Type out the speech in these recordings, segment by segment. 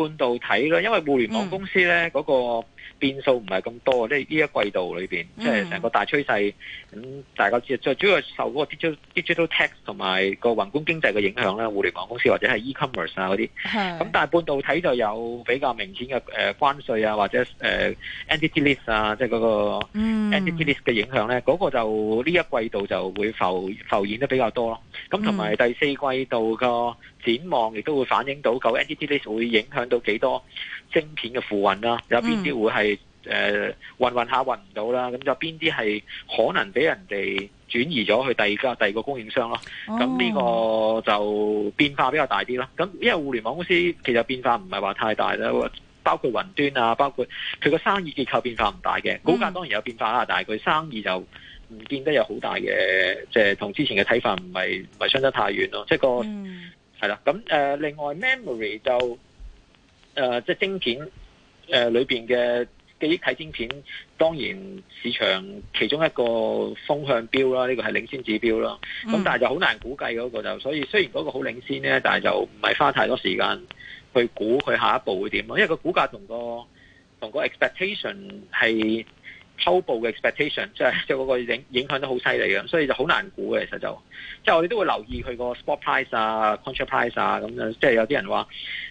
半導體啦，因為互聯網公司咧嗰個變數唔係咁多，即係呢一季度裏面，即係成個大趨勢咁、嗯、大家知，最主要係受嗰個 digital, digital digital tax 同埋個宏觀經濟嘅影響呢，互聯網公司或者係 e-commerce 啊嗰啲，咁是但係半導體就有比較明顯嘅誒、呃、關稅啊，或者、呃、entity list 啊，即係嗰個 entity list 嘅影響咧，嗰、嗯、個就呢一季度就會浮浮現得比較多咯。咁同埋第四季度個展望亦都會反映到，個 entity list 會影響。到幾多晶片嘅付運啦，啊？有邊啲會係誒、嗯呃、運運下運唔到啦？咁有邊啲係可能俾人哋轉移咗去第二家第二個供應商咯，啊？咁呢，哦、個就變化比較大啲咯，啊。咁因為互聯網公司其實變化唔係話太大啦，包括雲端啊，包括佢個生意結構變化唔大嘅，股價當然有變化啦，啊，嗯、但係佢生意就唔見得有好大嘅，即係同之前嘅睇法唔係唔係相差太遠咯，啊。即、就、係、是、個係啦。咁誒、嗯呃，另外 memory 就。誒、呃，即係晶片誒、呃、裏邊嘅記憶體晶片，當然市場其中一個風向標啦，呢、這個係領先指標啦。咁、嗯、但係就好難估計嗰個就，所以雖然嗰個好領先咧，但係就唔係花太多時間去估佢下一步會點咯，因為個股價同個同個 expectation 係。初步嘅 expectation，即係即係嗰個影影響都好犀利嘅，所以就好難估嘅。其實就即係我哋都會留意佢個 spot price 啊，contract price 啊咁樣。即係有啲人話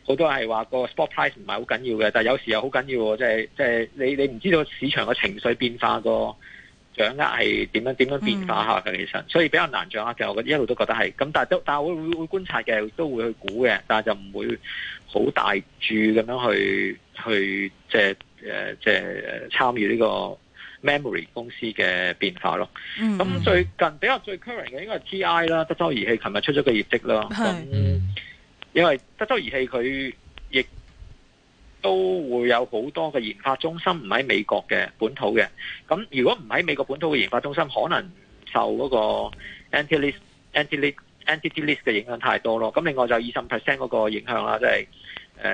好多係話個 spot price 唔係好緊要嘅，但係有時又好緊要的。即係即係你你唔知道市場嘅情緒變化、個掌握係點樣點樣變化下嘅。其實、嗯、所以比較難掌握嘅，我覺得一路都覺得係。咁但係都但係我會會觀察嘅，都會去估嘅，但係就唔會好大注咁樣去去即係誒即係參與呢個。memory 公司嘅變化咯，咁、嗯、最近比較最 current 嘅應該係 TI 啦，德州儀器琴日出咗個業績啦。咁是因為德州儀器佢亦都會有好多嘅研發中心唔喺美國嘅本土嘅，咁如果唔喺美國本土嘅研發中心，可能受嗰個 entity、entity、entity list 嘅影響太多咯。咁另外就二十 percent 嗰個影響啦，即係誒誒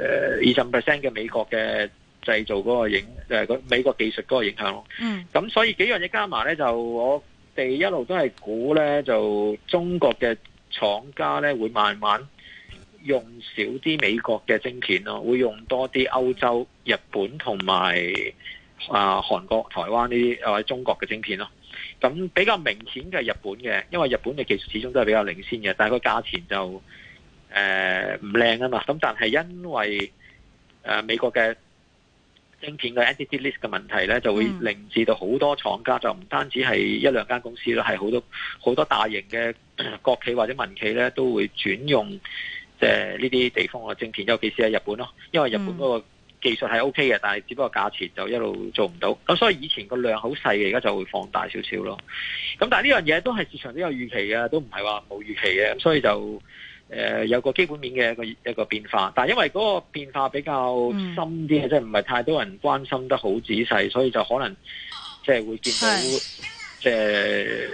二十 percent 嘅美國嘅。製造嗰個影，就美國技術嗰個影響咯。咁、嗯、所以幾樣嘢加埋咧，就我哋一路都係估咧，就中國嘅廠家咧會慢慢用少啲美國嘅晶片咯，會用多啲歐洲、日本同埋啊韓國、台灣呢啲或者中國嘅晶片咯。咁比較明顯嘅係日本嘅，因為日本嘅技術始終都係比較領先嘅，但係個價錢就誒唔靚啊嘛。咁但係因為誒、呃、美國嘅芯片嘅 entity list 嘅問題咧，就會令至到好多廠家、嗯、就唔單止係一兩間公司咯，係好多好多大型嘅國企或者民企咧都會轉用，誒呢啲地方嘅芯片，尤其是喺日本咯，因為日本嗰個技術係 OK 嘅，但係只不過價錢就一路做唔到，咁所以以前個量好細嘅，而家就會放大少少咯。咁但係呢樣嘢都係市場都有預期嘅，都唔係話冇預期嘅，咁所以就。誒、呃、有個基本面嘅一個一個變化，但係因為嗰個變化比較深啲，即係唔係太多人關心得好仔細，所以就可能即係會見到即係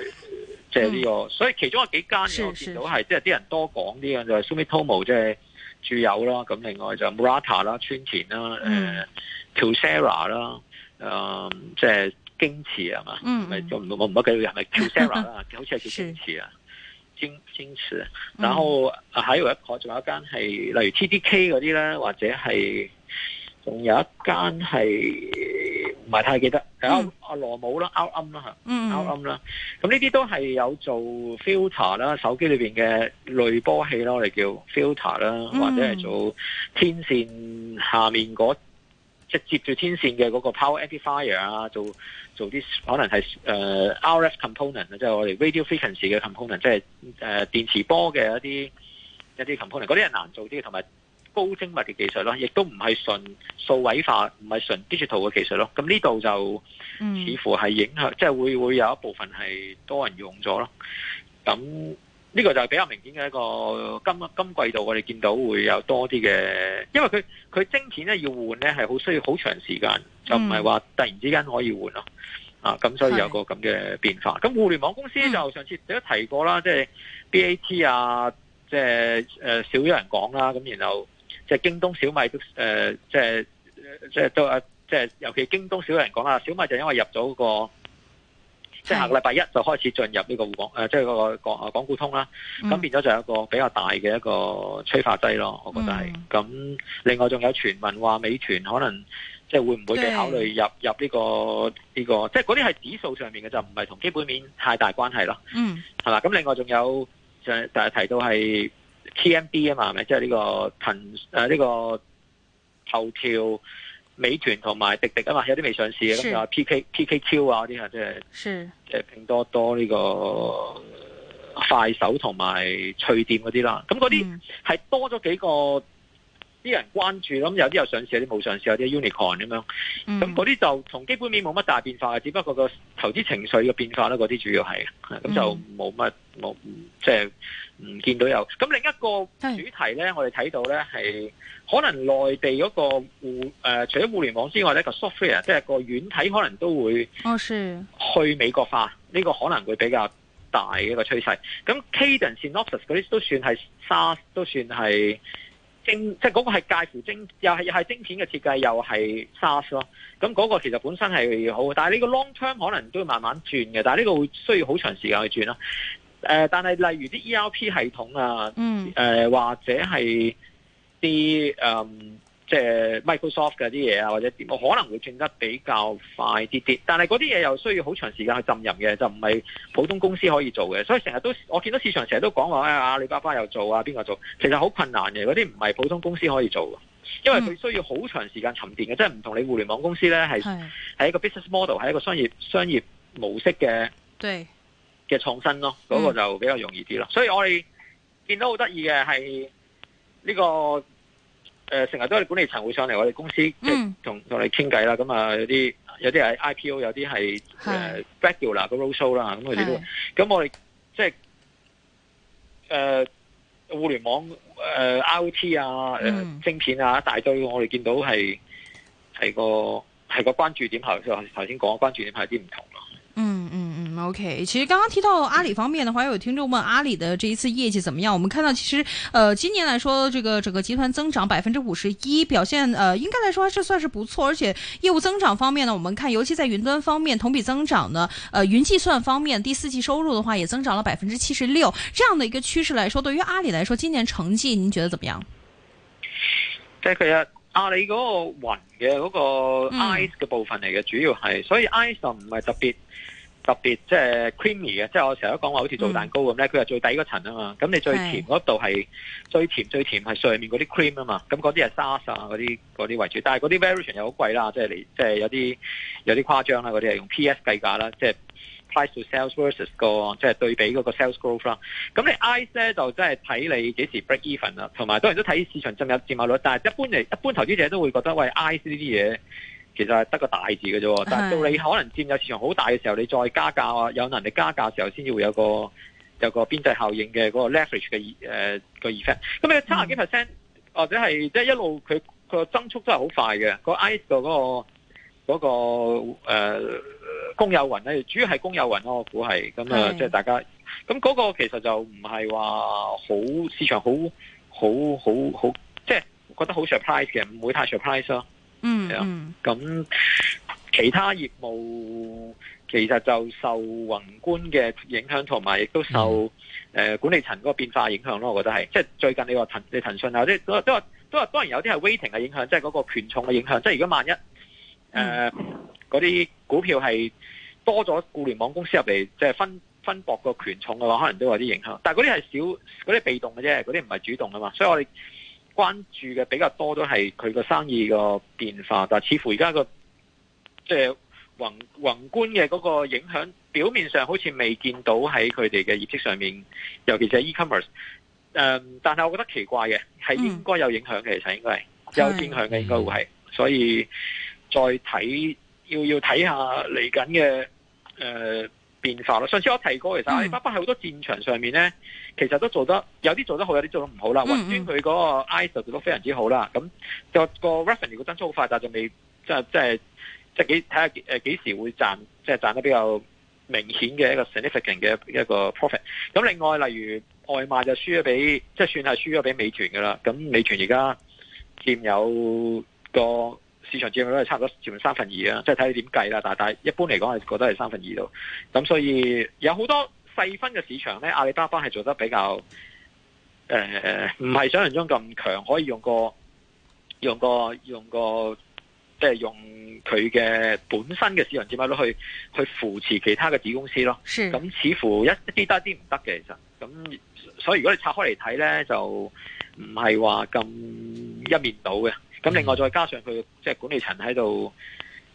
即係呢個。所以其中有幾間我見到係即係啲人多講啲嘅，就係、是、Sumitomo 即係住友啦，咁另外就 Murata 啦、村田啦、誒 Tosera 啦，誒即係京瓷啊嘛？咪就我唔記得佢係咪 Tosera 啦，好似係叫京瓷啊。是是堅持，然後喺度、嗯、一個，仲有一間係，例如 T D K 嗰啲咧，或者係仲有一間係唔係太記得，有阿羅姆啦，凹凹啦嚇，凹 m 啦，咁呢啲都係有做 filter 啦，手機裏面嘅濾波器咯，我哋叫 filter 啦、嗯，或者係做天線下面嗰即接住天線嘅嗰個 power amplifier 啊，做。做啲可能係 RS component 即係我哋 radio frequency 嘅 component，即係電磁波嘅一啲一啲 component，嗰啲係難做啲嘅，同埋高精密嘅技術咯，亦都唔係純數位化，唔係純 digital 嘅技術咯。咁呢度就似乎係影響，即係會會有一部分係多人用咗咯，咁。呢個就係比較明顯嘅一個今今季度我哋見到會有多啲嘅，因為佢佢晶片咧要換咧，係好需要好長時間，就唔係話突然之間可以換咯。啊，咁、嗯、所以有個咁嘅變化。咁是 互聯網公司就上次都提過啦，即係 B A T 啊，即係誒少咗人講啦。咁然後即係京東、小米都誒，即係即係都啊，即係尤其京東少人講啦，小米就因為入咗個。即係下個禮拜一就開始進入呢個港誒，即係嗰個港誒港股通啦。咁變咗就有一個比較大嘅一個催化劑咯，我覺得係。咁、嗯、另外仲有傳聞話美團可能即係會唔會再考慮入是入呢個呢個，即係嗰啲係指數上面嘅，就唔係同基本面太大關係咯。嗯，係、就是、嘛？咁另外仲有就就係提到係 TMD 啊嘛，係、呃、咪？即係呢個騰誒呢個頭條。美團同埋滴滴啊嘛，有啲未上市嘅咁就 P K P K Q 啊啲啊，即係，誒拼多多呢個快手同埋趣店啲啦，咁嗰啲係多咗幾個。啲人關注，咁有啲有上市，有啲冇上市，有啲 unicorn 咁樣，咁嗰啲就從基本面冇乜大變化，只不過個投資情緒嘅變化啦，嗰啲主要係，咁就冇乜冇，即係唔見到有。咁另一個主題咧，是我哋睇到咧係可能內地嗰、那個互、呃、除咗互聯網之外咧個 software，即係個軟體，可能都會去美國化，呢、這個可能會比較大嘅一個趨勢。咁 Cadence、Synopsys 嗰啲都算係 SaaS，都算係。即係嗰個係介乎晶，又係又係晶片嘅設計，又係 SaaS 咯。咁嗰個其實本身係好，但係呢個 long term 可能都要慢慢轉嘅，但係呢個會需要好長時間去轉囉。誒、呃，但係例如啲 ERP 系統啊，誒、嗯呃、或者係啲誒。嗯即 Microsoft 嘅啲嘢啊，或者點，我可能會轉得比較快啲啲，但係嗰啲嘢又需要好長時間去浸淫嘅，就唔係普通公司可以做嘅。所以成日都我見到市場成日都講話，誒阿里巴巴又做啊，邊個做？其實好困難嘅，嗰啲唔係普通公司可以做嘅，因為佢需要好長時間沉澱嘅，即係唔同你互聯網公司咧，係係的一個 business model，係一個商業商業模式嘅嘅對創新咯。嗰、嗰個就比較容易啲咯。嗯、所以我哋見到好得意嘅係呢個。誒，成日、呃、都係管理層會上嚟我哋公司，即係同同你傾偈啦。咁啊，有啲有啲係 IPO，有啲係誒 regular 個 roadshow 啦。咁佢哋都，咁我哋即係誒互聯網誒 IOT 啊，誒晶片啊，嗯、一大堆。我哋見到係係個係個關注點，頭頭先講嘅關注點係啲唔同咯。OK，其實剛剛提到阿里方面的話，有聽眾問阿里的這一次業績怎麼樣？我們看到其實，呃，今年來說，這個整個集團增長百分之五十一，表現呃，應該來說還是算是不錯。而且業務增長方面呢，我們看尤其在雲端方面，同比增長呢，呃，雲計算方面第四季收入的話也增長了百分之七十六這樣的一個趨勢來說，對於阿里來說，今年成績您覺得怎麼樣？這個阿阿里嗰個雲嘅嗰、那個 ICE 嘅部分嚟嘅，主要係、嗯、所以 ICE 唔係特別。特別即係 creamy 即係、就是、我成日都講話好似做蛋糕咁咧，佢係、嗯、最底嗰層啊嘛。咁你最甜嗰度係最甜最甜係上面嗰啲 cream 啊嘛。咁嗰啲係 SARS 沙嗰啲嗰啲為主，但係嗰啲 variation 又好貴啦，即係即有啲有啲誇張啦，嗰啲係用 PS 計價啦，即、就、係、是、price to sales versus 個即係對比嗰個 sales growth 啦。咁你 ICE 咧就真係睇你幾時 break even 啦，同埋當然都睇市場進入佔碼率。但係一般嚟一般投資者都會覺得喂 ICE 呢啲嘢。其實係得個大字嘅啫，但係到你可能佔有市場好大嘅時候，你再加價啊，有能力加價時候，先至會有個有個邊際效應嘅嗰個 leverage 嘅誒、呃那個 effect。咁你差幾幾 percent 或者係即係一路佢個增速都係好快嘅。I 那個 I 嘅嗰個嗰、那個誒、呃、公有雲咧，主要係公有雲咯，我估係咁啊，即係大家咁嗰個其實就唔係話好市場好好好好，即係、就是、覺得好 surprise 嘅，唔會太 surprise 咯、啊。Yeah, mm hmm. 嗯，係咁其他業務其實就受宏觀嘅影響，同埋亦都受誒管理層嗰個變化影響咯。我覺得係，即係、mm hmm. 最近你話騰，你騰訊啊，即係都話都話當然有啲係 waiting 嘅影響，即係嗰個權重嘅影響。即係如果萬一誒嗰啲股票係多咗互聯網公司入嚟，即係分分薄個權重嘅話，可能都有啲影響。但係嗰啲係少，嗰啲被動嘅啫，嗰啲唔係主動啊嘛，所以我哋。關注嘅比較多都係佢個生意個變化，但係似乎而家個即係宏宏觀嘅嗰個影響，表面上好似未見到喺佢哋嘅業績上面，尤其是係 e-commerce。誒、嗯，但係我覺得奇怪嘅係應該有影響嘅，嗯、其實應該係有影響嘅，應該會係，所以再睇要要睇下嚟緊嘅誒。呃變化咯，上次我提過其實阿里巴巴喺好多戰場上面咧，其實都做得有啲做得好，有啲做得唔好啦。雲端佢嗰個 I 就做得非常之好啦。咁個 revenue 增速好快，但就未即係即係即係幾睇下幾時會賺，即係賺得比較明顯嘅一個 significant 嘅一個 profit。咁另外例如外賣就輸咗俾，即係算係輸咗俾美團㗎啦。咁美團而家佔有個市場佔有率都係差唔多接近三分二啊，即係睇你點計啦。但係一般嚟講，係覺得係三分二度。咁所以有好多細分嘅市場咧，阿里巴巴係做得比較誒，唔、呃、係想象中咁強。可以用個用個用個，即係用佢嘅本身嘅市場佔有率去去扶持其他嘅子公司咯。咁是似乎一啲得一啲唔得嘅，其實咁。咁所以如果你拆開嚟睇咧，就唔係話咁一面倒嘅。咁、嗯、另外再加上佢即係管理層喺度，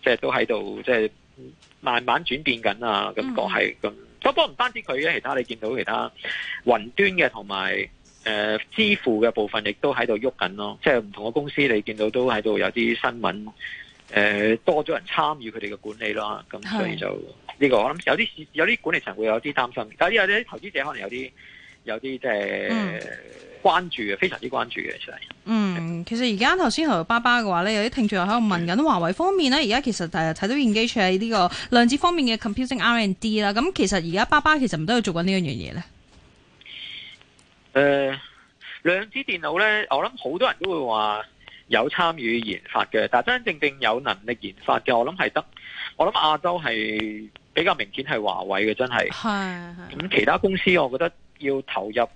即係都喺度，即係慢慢轉變緊啊、嗯！咁講係咁不過唔單止佢嘅，其他你見到其他雲端嘅同埋誒支付嘅部分，亦都喺度喐緊咯。即係唔同嘅公司，你見到都喺度有啲新聞，誒、呃、多咗人參與佢哋嘅管理啦。咁所以就呢個我，我諗有啲有啲管理層會有啲擔心，但係有啲投資者可能有啲有啲即係。嗯關注嘅非常之關注嘅，實嗯、是其實嗯，其實而家頭先同爸爸嘅話咧，有啲聽眾喺度問緊華為方面咧，而家是其實誒睇到現機處，喺呢個量子方面嘅 computing R and D 啦，咁其實而家爸爸其實唔都有做緊呢樣嘢咧。誒、呃，量子電腦咧，我諗好多人都會話有參與研發嘅，但係真真正正有能力研發嘅，我諗係得，我諗亞洲係比較明顯係華為嘅，真係係，係咁其他公司，我覺得要投入。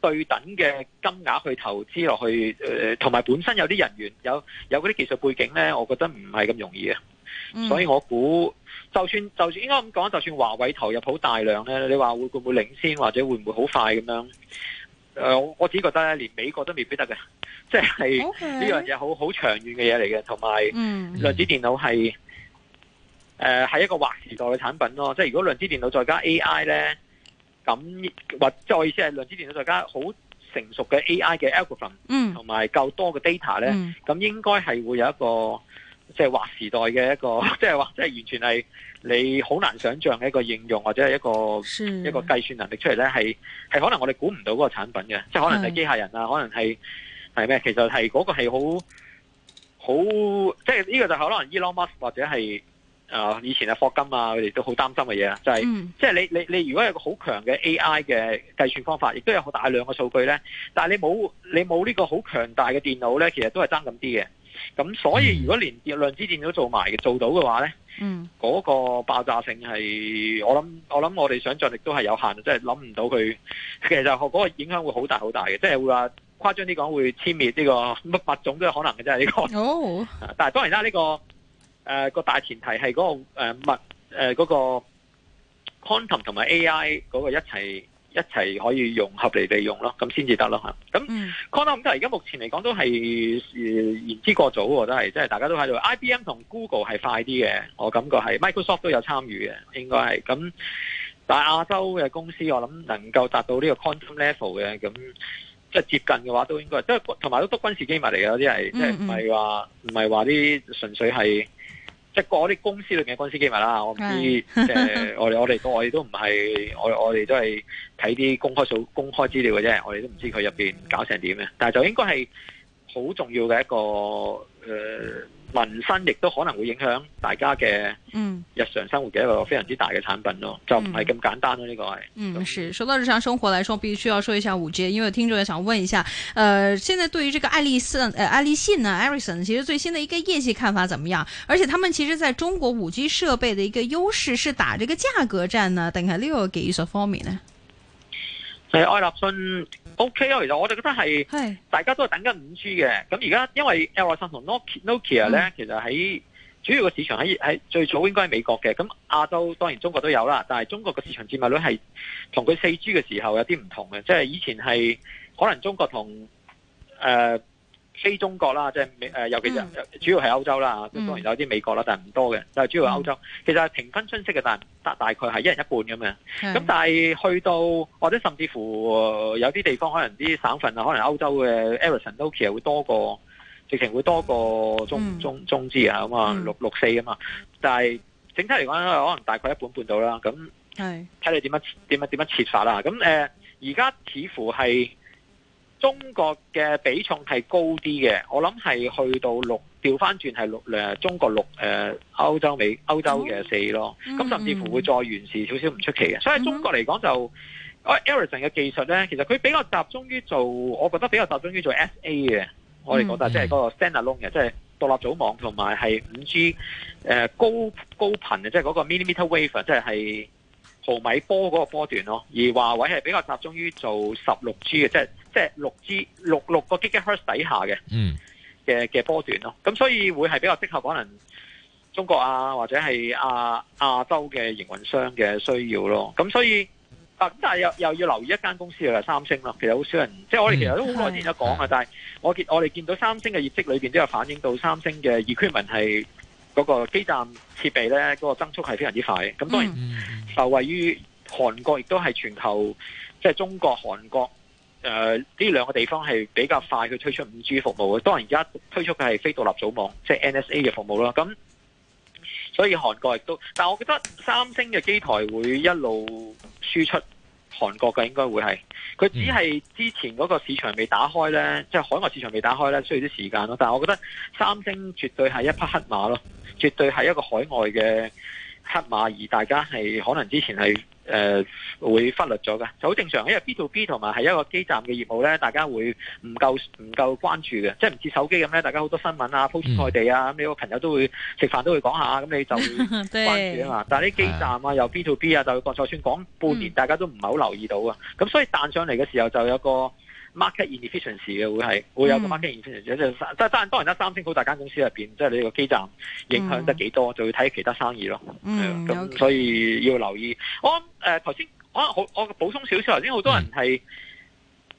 對等嘅金額去投資落去，誒、呃，同埋本身有啲人員有有嗰啲技術背景呢，我覺得唔係咁容易嘅。嗯、所以我估，就算就算應該咁講，就算華為投入好大量呢，你話會唔會領先，或者會唔會好快咁樣？誒、呃，我自己覺得咧，連美國都未必得嘅，即係呢樣嘢好好長遠嘅嘢嚟嘅，同埋、嗯、量子電腦係誒係一個劃時代嘅產品咯。即係如果量子電腦再加 AI 呢。咁或即係我意思係量子電腦再加上好成熟嘅 AI 嘅 algorithm，同埋、嗯、夠多嘅 data 咧，咁、嗯、應該係會有一個即係劃時代嘅一個即係話即係完全係你好難想象嘅一個應用或者係一個是一個計算能力出嚟咧，係係可能我哋估唔到嗰個產品嘅，即係可能係機械人是啊，可能係係咩？其實係嗰個係好好，即係呢個就可能 Elon Musk 或者係。啊！以前啊，霍金啊，佢哋都好擔心嘅嘢啊，就係、是嗯、即係你你你，你你如果有個好強嘅 AI 嘅計算方法，亦都有好大量嘅數據咧，但係你冇你冇呢個好強大嘅電腦咧，其實都係爭咁啲嘅。咁所以如果連量子電腦做埋嘅做到嘅話咧，嗰、嗯、個爆炸性係我諗我諗我哋想像力都係有限，即係諗唔到佢。其實嗰個影響會好大好大嘅，即、就、係、是、會話誇張啲講會殲滅呢、這個乜物種都有可能嘅，真係呢、這個、哦、但係當然啦，呢、這個誒、呃那個大前提係嗰、那個誒物、呃、誒嗰、呃那個、Quantum 同埋 AI 嗰個一齊一齊可以融合嚟利用咯，咁先至得咯，咁咁 Quantum 都係而家目前嚟講都係言之過早喎，都係即係大家都喺度。IBM 同 Google 係快啲嘅，我感覺係 Microsoft 都有參與嘅，應該係咁。但係亞洲嘅公司，我諗能夠達到呢個 Quantum level 嘅，咁即係接近嘅話，都應該即係同埋都督軍事機密嚟㗎，啲係即係唔係話唔係話啲純粹係。即係我啲公司裏邊嘅公司機密啦，我唔知，即係我哋我哋我哋都唔係，我我哋都係睇啲公開數公開資料嘅啫，我哋都唔知佢入邊搞成點嘅，但係就應該係好重要嘅一個誒。呃民生亦都可能會影響大家嘅嗯日常生活嘅一個非常之大嘅產品咯，嗯、就唔係咁簡單咯、啊，呢、嗯、個係嗯，嗯是，說到日常生活來說，必須要說一下五 G，因為聽眾也想問一下，呃，現在對於這個愛立信誒愛立信呢，Ericsson 其實最新的一個業績看法怎麼樣？而且他們其實在中國五 G 設備的一個優勢是打這個價格戰呢？等下 Leo 給方說呢？誒，愛立信。O K 啊，okay，其實我哋覺得係，大家都係等緊 5G 嘅。咁而家因為 Ericsson 同 Nokia Nokia 咧，其實喺主要個市場喺喺最早應該係美國嘅。咁亞洲當然中國都有啦，但係中國個市場佔物率係同佢 4G 嘅時候有啲唔同嘅，即係以前係可能中國同誒。呃非中國啦，即係美誒，尤其是主要係歐洲啦，咁、嗯、當然有啲美國啦，但係唔多嘅，就主要係歐洲。嗯、其實係平分春色嘅，但係大大概係一人一半咁樣。咁是但係去到或者甚至乎有啲地方，可能啲省份啊，可能歐洲嘅 Eurovision 都其實會多過，直情會多過中、嗯、中中資啊咁啊六、嗯、六四啊嘛。但係整體嚟講，可能大概一半半到啦。咁睇你點樣，是點樣，點樣設法啦。咁誒，而家似乎係。中國嘅比重係高啲嘅，我諗係去到六，掉返轉係六中國六誒、呃、歐洲美歐洲嘅四咯，咁、嗯、甚至乎會再延遲少少唔出奇嘅。所以中國嚟講就，Ericsson、嗯、嘅技術咧，其實佢比較集中於做，我覺得比較集中於做 SA 嘅，我哋覺得即係嗰個 standalone 嘅，即、就、係、是、獨立組網同埋係五 G 誒、呃、高高頻嘅，即係嗰個 millimeter wave，即係係毫米波嗰個波段咯。而華為係比較集中於做十六 G 嘅，即係。即係六支六六個 Gigahertz 底下嘅嘅嘅波段咯，咁所以會係比較適合可能中國啊，或者係啊亞洲嘅營運商嘅需要咯，咁所以啊咁但係又又要留意一間公司就係三星咯，其實好少人即係我哋其實都好耐之前有講啊，嗯、但係我見我哋見到三星嘅業績裏邊都有反映到三星嘅 equipment 係嗰個基站設備咧，嗰、那個增速係非常之快，咁當然受惠於韓國亦都係全球即係、就是、中國韓國。誒，呢、呃、兩個地方係比較快去推出五 G 服務嘅，當然而家推出嘅係非獨立組網，即係 NSA 嘅服務咯。咁，所以韓國亦都，但係我覺得三星嘅機台會一路輸出韓國嘅，應該會係。佢只係之前嗰個市場未打開呢，即係海外市場未打開呢，需要啲時間咯。但係我覺得三星絕對係一匹黑馬咯，絕對係一個海外嘅黑馬，而大家係可能之前係。誒、呃，會忽略咗嘅。就好正常，因為 B to B 同埋係一個基站嘅業務咧，大家會唔夠唔夠關注嘅，即係唔似手機咁咧，大家好多新聞啊，鋪天蓋地啊，咁你個朋友都會食飯都會講下，咁你就會關注啊嘛。 對但係啲基站啊，又 B to B 啊，就就 算講半年，大家都唔係好留意到啊，咁 所以彈上嚟嘅時候就有一個。market inefficiency 時嘅會有個 market inefficiency 有陣三即當然然啦，三星好大間公司入面，即、就、係、是、你個基站影響得幾多，嗯、就要睇其他生意咯。嗯，咁、嗯、所以要留意。我誒頭先我好我補充少少，頭先好多人係、嗯、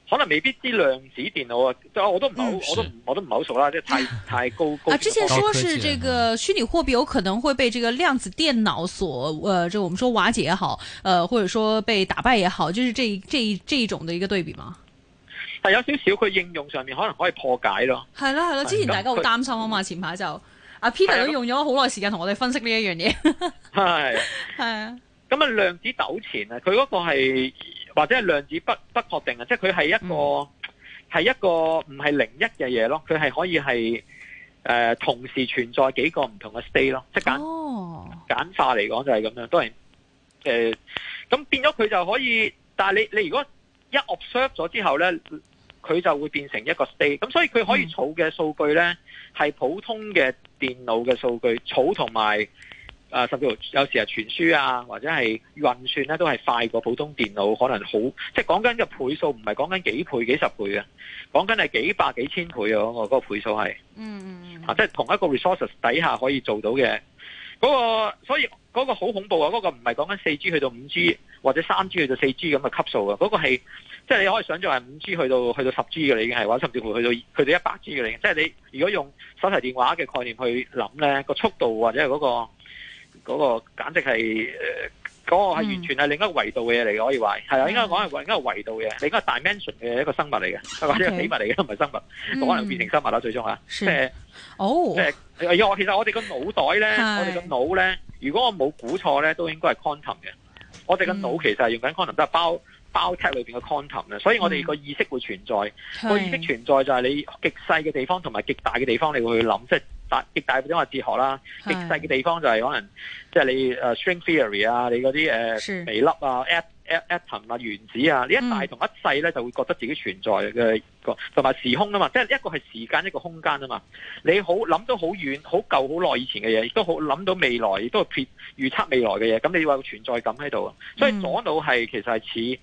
可能未必知量子電腦啊，即我都唔係好，我都、嗯、我都唔係好熟啦，即係太太高高。啊，之前說是這個虛擬貨幣有可能會被這個量子電腦所，呃、就我們說瓦解也好、呃，或者說被打敗也好，就是這,這一這一這一種的一個對比嘛。但有少少佢應用上面可能可以破解咯，係啦係啦，之前大家都好擔心啊嘛，嗯、前排就阿 Peter 都的用咗好耐時間同我哋分析呢一樣嘢，係，係啊，咁啊量子糾纏啊，佢嗰個係或者係量子不不確定啊，即係佢係一個係、嗯、一個唔係零一嘅嘢咯，佢係可以係誒、呃、同時存在幾個唔同嘅 state 咯，即係簡簡化嚟講就係咁樣，當然誒咁、呃、變咗佢就可以，但係你你如果一 observe 咗之後咧。佢就會變成一個 state，咁所以佢可以儲嘅數據呢，係、嗯、普通嘅電腦嘅數據，儲同埋啊甚至乎有時係傳輸啊或者係運算呢，都係快過普通電腦，可能好即係講緊嘅倍數，唔係講緊幾倍幾十倍啊，講緊係幾百幾千倍啊嗰、那個那個倍數係，嗯、嗯、嗯，即係、啊就是、同一個 resources 底下可以做到嘅嗰、那個，所以嗰個好恐怖啊！嗰、那個唔係講緊四 G 去到五 G、嗯、或者三 G 去到四 G 咁嘅級數啊，嗰、那個係。即係你可以想象係五 G 去到去到十 G 嘅啦，已經係或者甚至乎去到佢哋一百 G 嘅零。即係你如果用手提電話嘅概念去諗咧，嗰個速度或者係嗰個嗰個，嗰個、簡直係嗰、嗰個係完全係另一個維度嘅嘢嚟嘅，可以話係啊。應該講係一個維度嘅，另一個大 dimension 嘅一個生物嚟嘅，okay, 或者一個死物嚟嘅都唔係生物，嗯、可能變成生物啦。最終嚇，即係是、呃、哦，即係我其實我哋個腦袋咧，的我哋個腦咧，如果我冇估錯咧，都應該係 quantum 嘅。我哋個腦其實係用緊 quantum，都係包。包括裏邊嘅 content 啊，的 um，所以我哋個意識會存在，嗯、個意識存在就係你極細嘅地方同埋極大嘅地方，你會去諗，即、就、係、是、大極大嘅地方係哲學啦，是極細嘅地方就係可能即係、就是、你誒、uh, string theory 啊，你嗰啲誒微粒啊、是 at at atom 啊、原子啊，呢一大同一細咧、嗯、就會覺得自己存在嘅個同埋時空啊嘛，即、就、係、是、一個係時間，一個空間啊嘛。你好諗到好遠、好舊、好耐以前嘅嘢，亦都好諗到未來，亦都預測未來嘅嘢，咁你會有存在感喺度，所以左腦係其實係似。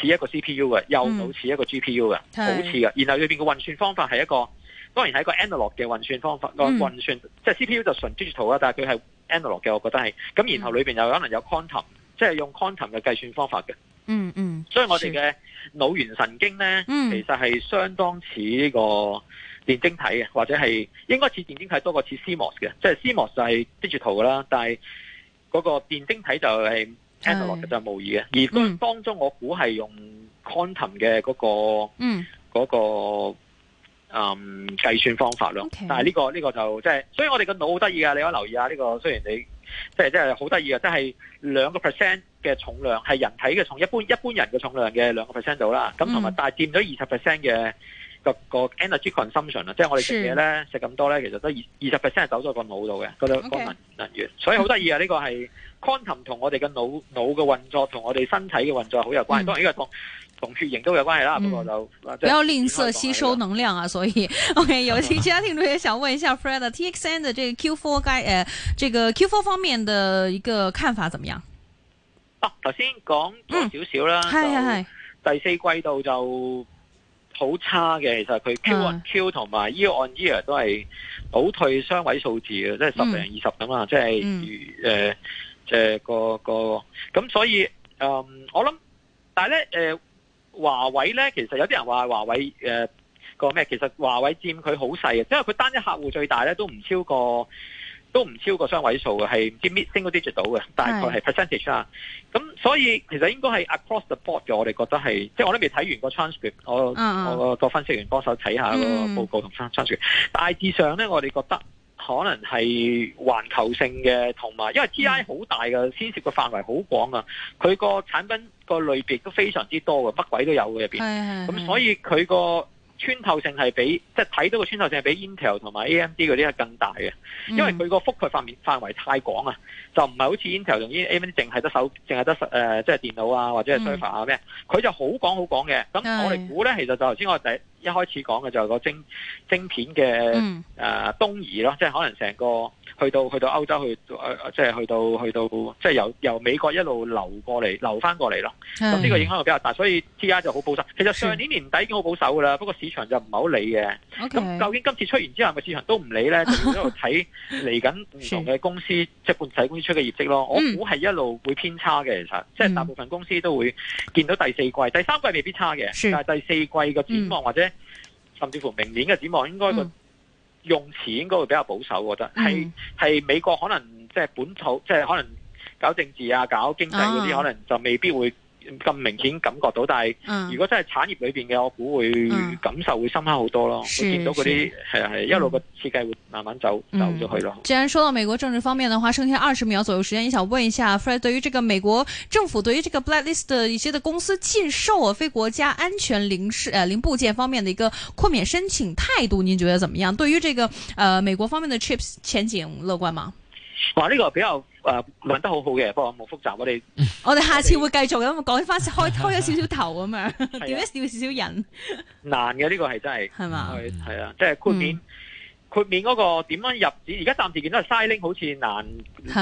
似一個 CPU 嘅，又好似一個 GPU 嘅，好似嘅。然後裏面嘅運算方法係一個，當然係一個 analog 嘅運算方法。個運、嗯、算即係 CPU 就純、是、digital 啦，但係佢係 analog 嘅，我覺得係。咁然後裏面又可能有 quantum 即係用 quantum 嘅計算方法嘅、嗯。嗯嗯。所以我哋嘅腦元神經咧，嗯、其實係相當似呢個電晶體嘅，或者係應該似電晶體多過似 CMOS 嘅。即係 CMOS 就係、是、digital 啦，但係嗰個電晶體就係、是。聽落其實就無異嘅，而當中我估係用 q u a n t u m 嘅嗰、那個，嗯，嗰、那個、嗯，計算方法咯。Okay, 但係呢、這個呢、這個就即係、就是，所以我哋個腦好得意嘅，你可留意下呢、這個。雖然你即係即係好得意嘅，即係兩個 percent 嘅重量係人體嘅重，一般一般人嘅重量嘅兩個 percent 到啦。咁同埋但係佔咗二十 percent 嘅個 energy consumption 啊、嗯，即係我哋食嘢咧，食咁多咧，其實都二二十 percent 走咗、那個腦度嘅，嗰個能能源。Okay, 所以好得意啊，呢、這個係。肝糖同我哋嘅腦腦嘅運作同我哋身體嘅運作好有關係，嗯、當然呢個同同血型都有關係啦。嗯、就不過就不要吝嗇吸收能量啊！所以 ，OK，有其，其他聽眾也想問一下 Fred，TXN 嘅這個 Q4 f、呃、o 季誒，這個 Q Four 方面的一個看法怎麼樣？啊，頭先講少少啦，嗯、就第四季度就好差嘅，其實佢 Q On Q 同埋 year on year 都係倒退雙位數字嘅，即係十零二十咁啊，即係誒。即、呃那個個咁，所以嗯，我諗，但係咧，誒、呃，華為咧，其實有啲人話華為誒、呃、個咩，其實華為佔佢好細嘅，因為佢單一客戶最大咧都唔超過，都唔超過雙位數嘅，係唔知 mid single digit 到嘅，大概係 percentage 啦。咁是所以其實應該係 across the board 嘅，我哋覺得係，即係我都未睇完個 transcript，我、uh huh. 我個分析員幫手睇下個報告同 transcript，mm. 大致上咧我哋覺得。可能係環球性嘅，同埋因為 T I 好大嘅，牽涉嘅範圍好廣啊，佢個產品個類別都非常之多嘅，乜鬼都有嘅入邊。咁是所以佢個。穿透性係比即係睇到個穿透性係比 Intel 同埋 AMD 嗰啲係更大嘅，因為佢個覆蓋範面範圍太廣啊，嗯、就唔係好似 Intel 同啲 AMD 淨係得手，淨係得實誒，即係電腦啊或者係、啊、server 啊咩，佢就好廣好廣嘅。咁我哋估咧，是其實就頭先我第一,一開始講嘅就係個晶晶片嘅誒東移咯，即係可能成個。去到去到歐洲去，、呃、是去到即係去到去到，即係由由美國一路流過嚟，流翻過嚟咯。咁呢、嗯、個影響又比較大，所以 TI 就好保守。其實上年年底已經好保守㗎啦，是不過市場就唔係好理嘅。咁 okay, 究竟今次出完之後，係咪市場都唔理咧？就一路睇嚟緊唔同嘅公司， 是即係半製公司出嘅業績咯。我估係一路會偏差嘅，嗯、其實即係大部分公司都會見到第四季，第三季未必差嘅，是但係第四季嘅展望、嗯、或者甚至乎明年嘅展望應該、那個嗯用錢應該會比較保守，我覺得係係、mm hmm. 美國可能即係本土，即、就、係、是、可能搞政治啊、搞經濟嗰啲，mm hmm. 可能就未必會。咁明顯感覺到，但係如果真係產業裏邊嘅，嗯、我估會感受會深刻好多咯。會見、嗯、到嗰啲係係一路個設計會慢慢走、嗯、走咗去咯。既然講到美國政治方面嘅話，剩下二十秒左右時間，我想問一下 Fred，對於這個美國政府對於這個 blacklist 一些的公司禁售啊，非國家安全零式呃零部件方面嘅一個豁免申請態度，您覺得點樣？對於這個呃美國方面的 chips 前景樂觀嗎？啊，呢個比較。誒，搵得好好嘅，不過好複雜我哋。我哋下次會繼續咁講翻開開咗少少頭咁樣，點一少少人難嘅呢個係真係係嘛，係啊，即係豁免豁免嗰個點樣入紙？而家暫時見到係 scaling 好似難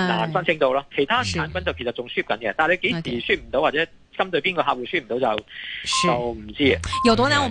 難申請到咯，其他產品就其實仲 ship 緊嘅。但係你幾時 ship 唔到或者針對邊個客戶 ship 唔到就就唔知。有多我